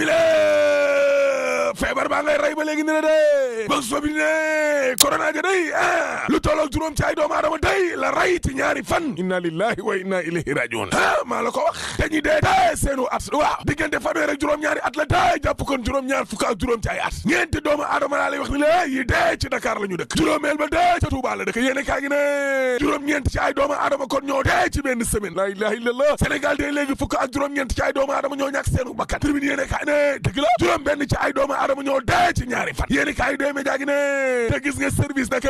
bi le feebar baa ngay rey ba léegi ne la dee ba sobi ne corona ja day ah, lu tolloog juróom ci ay doomu aadama day la rey ci ñaari fan inna lillahi wa inna ilayhi rajiun ah maa la ko wax dañuy dee dee seenu at waaw diggante fanweer ak juróom-ñaari at la dee jàpp kon juróom-ñaar fukk ak juróom ci ay at ñeenti doomu aadama laa lay wax ni la yi dee ci Dakar la ñu dëkk juróomeel ba dee ca Touba la dëkk yéene kaa ngi ne juróom-ñeent ci ay doomu aadama kon ñoo dee ci benn semaine benn ci ay doomu aadama wara mu ñoo dee ci ñaari fan ne te gis nga service da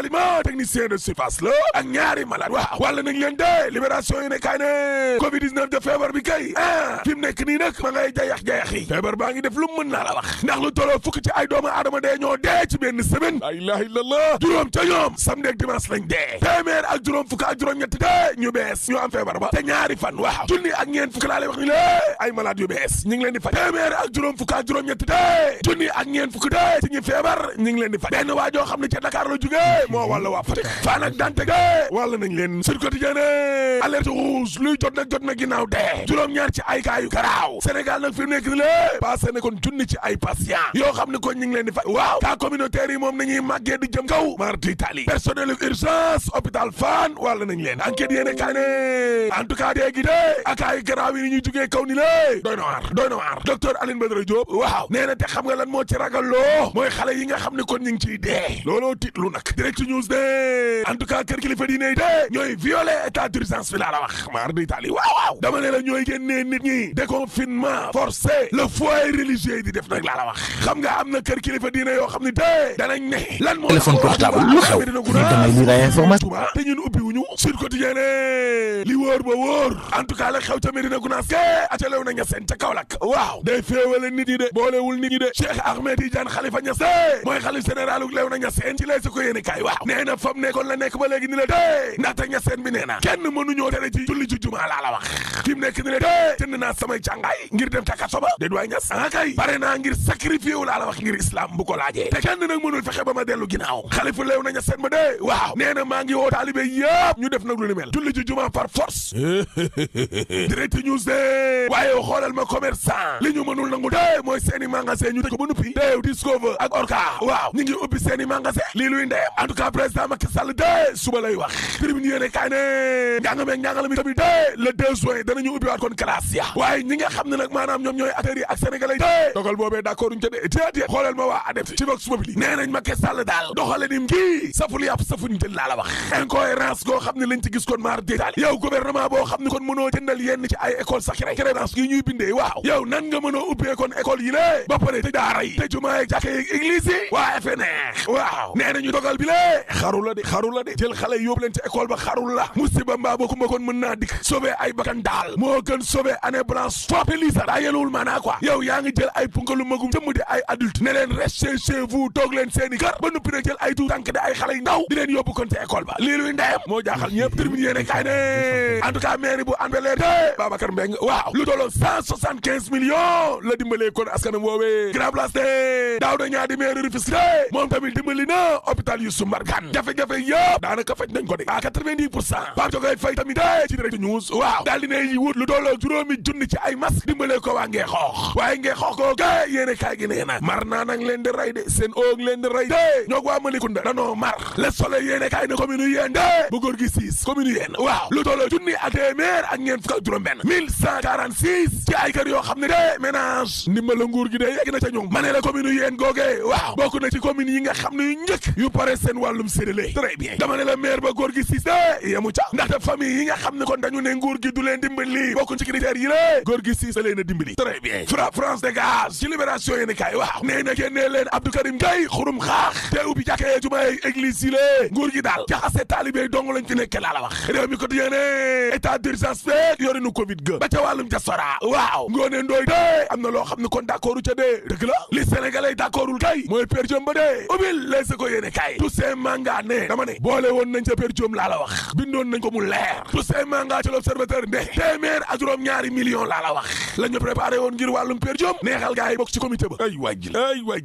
ma technicien de surface la ak ñaari malade waaw wala nañ leen dee libération yi kaay ne covid 19 de feebar bi kay ah, fi mu nekk nii nag ma ngay feebar baa ngi def lu mën naa la wax ndax lu tolloo fukk ci ay doomu aadama dee ñoo dee ci benn semaine la ilaha juróom ca ñoom samedi ak dimanche lañ dee téeméer ak juróom fukk ak juróom-ñett de ñu bees ñu am feebar ba te ñaari fan waaw junni ak ñeent fukk wax ni lé ay malade bees ñu ngi leen di faj téeméer ak juróom fukk ak juróom-ñett de junni ak ñeent fukk de ci ñu feebar ñu ngi leen di faj benn waa joo xam ne ca Dakar la jógee moo wàlla waa Fatick faan ak dante ga wàlla nañ leen sur quotidien alerte rouge luy jot nag jot na ginnaaw de juróom-ñaar ci ay kaayu garaaw Sénégal nag fi mu nekk ni lé passé na kon junni ci ay patient yoo xam ne kon ñu ngi leen di faj waaw cas communautaire yi moom nañuy màggee di jëm kaw mardi tali personnel gàll nañ leen enquête yéene kaay ne en dee gi dee ni ñuy jugee kaw ni doy na waar doy na waar docteur Aline Badara Diop waaw nee te xam nga lan moo ci ragal loo mooy xale yi nga xam ne kon ñu ngi ciy dee looloo tiitlu nag direct news de en tout cas kër kilifa diine de ñooy violé état d'urgence fi laa la wax maar di taali waaw waaw dama ne la ñooy nit ñi déconfinement forcé le foyer religieux di def nag laa la wax xam nga am na kër kilifa diine ñu Sud Quotidien li wóor ba wóor en la xew ca Médina Gounass ke atelew na Niassène ca Kaolack waaw day féewale nit ñi de boolewul nit ñi de Cheikh Ahmed Tidiane Khalifa Niass mooy xalif généralu leew na ci lay si ko yéene kaay waaw nee na fam nekkoon la nekk ba léegi ni la dee ndaxte Niassène bi nee kenn mënuñoo tere ci julli ci jumaa laa la wax fi mu nekk ni la dee jënd naa samay càngaay ngir dem ca kaso ba déet ah waay ba ma waaw nee maa yëpp ñu def nag lu ni mel julli ji jumaa par force direct news de waaye xoolal ma commerçant li ñu mënul nangu de mooy seeni magasin ñu tëj ko ba nuppi déew Discover ak Orca waaw ñu ngi ubbi seeni magasin lii luy ndeyam en tout cas président Macky Sall de suba lay wax tribune yéene kaay ne njàng meeg njàngale mi tamit de le deux juin danañu ubbi waat kon classe ya waaye ñi nga xam ne nag maanaam ñoom ñooy acteurs yi ak sénégalais yi dogal boobee d'accord uñu ca de déedéet xoolal ma laa la wax goo xam ne lañ ci gis kon maar détaali yow gouvernement boo xam ne kon mënoo jëndal yenn ci ay école sacré crédence yi ñuy bindee waaw yow nan nga mënoo ubbee kon école yi lée ba pare te daara yi te jumaa yi yi église yi waa FNR waaw nee nañu dogal bi lée xaru la de xaru la de jël xale yóbbu leen ci école ba xarul la musiba mbaa boo kumba kon mën naa dikk sauver ay bakkan daal moo gën sauver année blanche foppe lii sax daa yeluwul maanaa quoi yow yaa jaaxal ñëpp termine yéene kaay ne en tout cas mairie bu Hann-Bel-Air de Babacar Mbengue waaw lu tolloon cent soixante quinze millions la dimbalee kon askanam woowee Grand Place de Daouda Niang di mairie Rufisque de moom tamit dimbali na hôpital Youssou Mbargane jafe-jafe yëpp daanaka faj nañ ko de à quatre-vingt-dix pour cent Pape Jogoy Faye tamit eh, ci direct news waaw daal dinay wut lu tolloo juróomi junni ci ay masque dimbalee ko waa ngee waaye ngee ko ga yéene kaay ci ay kër yoo xam ne de ménage ndimbala nguur gi de yegg na ca ñoom ma la commune yéen googee waaw bokk na ci commune yi nga xam ne yu njëkk yu pare seen wàllum séddale très bien dama ne la maire ba góor siis de yemu ca ndaxte famille yi nga xam ne kon dañu ne nguur gi du leen dimbali bokk ci critères yi lée góor siis da leen a dimbali très bien fra France dégage ci libération yéen kaay waaw nee na génnee leen Abdou Karim Gueye xurum xaax te ubbi lañ ci nekkee laa ko di yéene état d'urgence fee yori nu covid ga ba ca wàllum diaspora waaw ngoone ndooy dee am na loo xam ne kon d'accordu ca dee dëgg li sénégalais d'accordul kay mooy pér ba dee ubil lay ko yéene kay Toussaint Manga ne dama ne boole woon nañ ca pér jom laa la wax bindoon nañ ko mu leer Toussaint Manga ca l'observateur ne téeméer ak juróom ñaari million laa wax la ñu woon ngir wàllum pér neexal gaa yi bokk ci ba ay waaj la ay waaj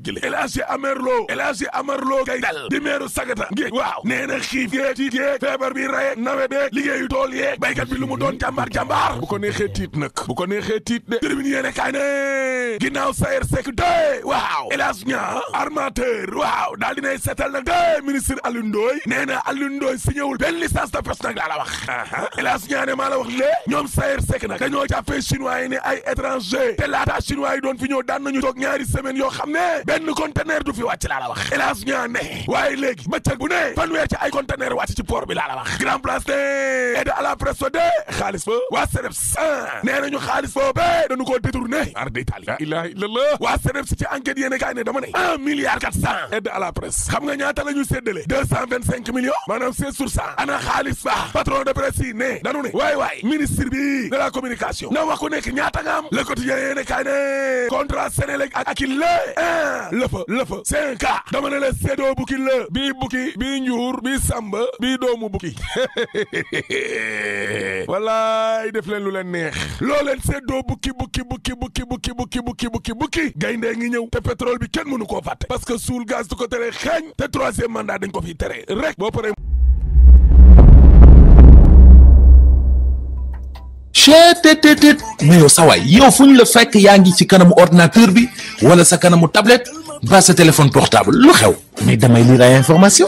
feebar bi rey nawet beeg liggéeyu tool yeeg béykat bi lu mu doon jàmbaar jàmbaar bu ko neexee tiit nag bu ko neexee tiit de tribune yéene kaay ne ginnaaw sayer sek de waaw hélas ña armateur waaw daal dinay seetal nag de ministre Alioune Ndoye nee na Alioune Ndoye signéwul benn licence de pêche nag laa la wax hélas ñaa ne maa la wax lée ñoom sayer sek nag dañoo jàppee chinois yi ne ay étranger te laata chinois yi doon fi ñëw daan nañu toog ñaari semaine yoo xam ne benn conteneur du fi wàcc wax grand place de aide à la presse de xaalis ba waa CNEPS nee nañu xaalis boobee dañu koo détourné ar d'Italie la ilaha ci enquête yéene kaay ne dama un milliard quatre cent aide à la presse xam nga ñaata la ñu séddale deux cent vingt cinq millions maanaam seize sur cent ana xaalis ba patron de presse ne dañu ne waay waay ministre bi de la communication na wax ku nekk ñaata nga am le quotidien yéene kaay ne contrat Sénélec ak Akilee un lëfa lëfa cinq dama ne la séddoo bukki la bii bukki bukki wallaay def leen lu leen neex loo leen seddoo bukki bukki bukki bukki bukki bukki bukki bukki bukki gayndee ngi ñëw te pétrole bi kenn mënu koo fàtte parce que suul gaz du ko tere xaañ te troisième mandat dañ ko fi tere rek boo paree chetttt mais yow sawaay yow fu ñu la fekk yaa ngi ci kanamu ordinateur bi wala sa kanamu tablette ba sa téléphone portable lu xew mais damay lire ay information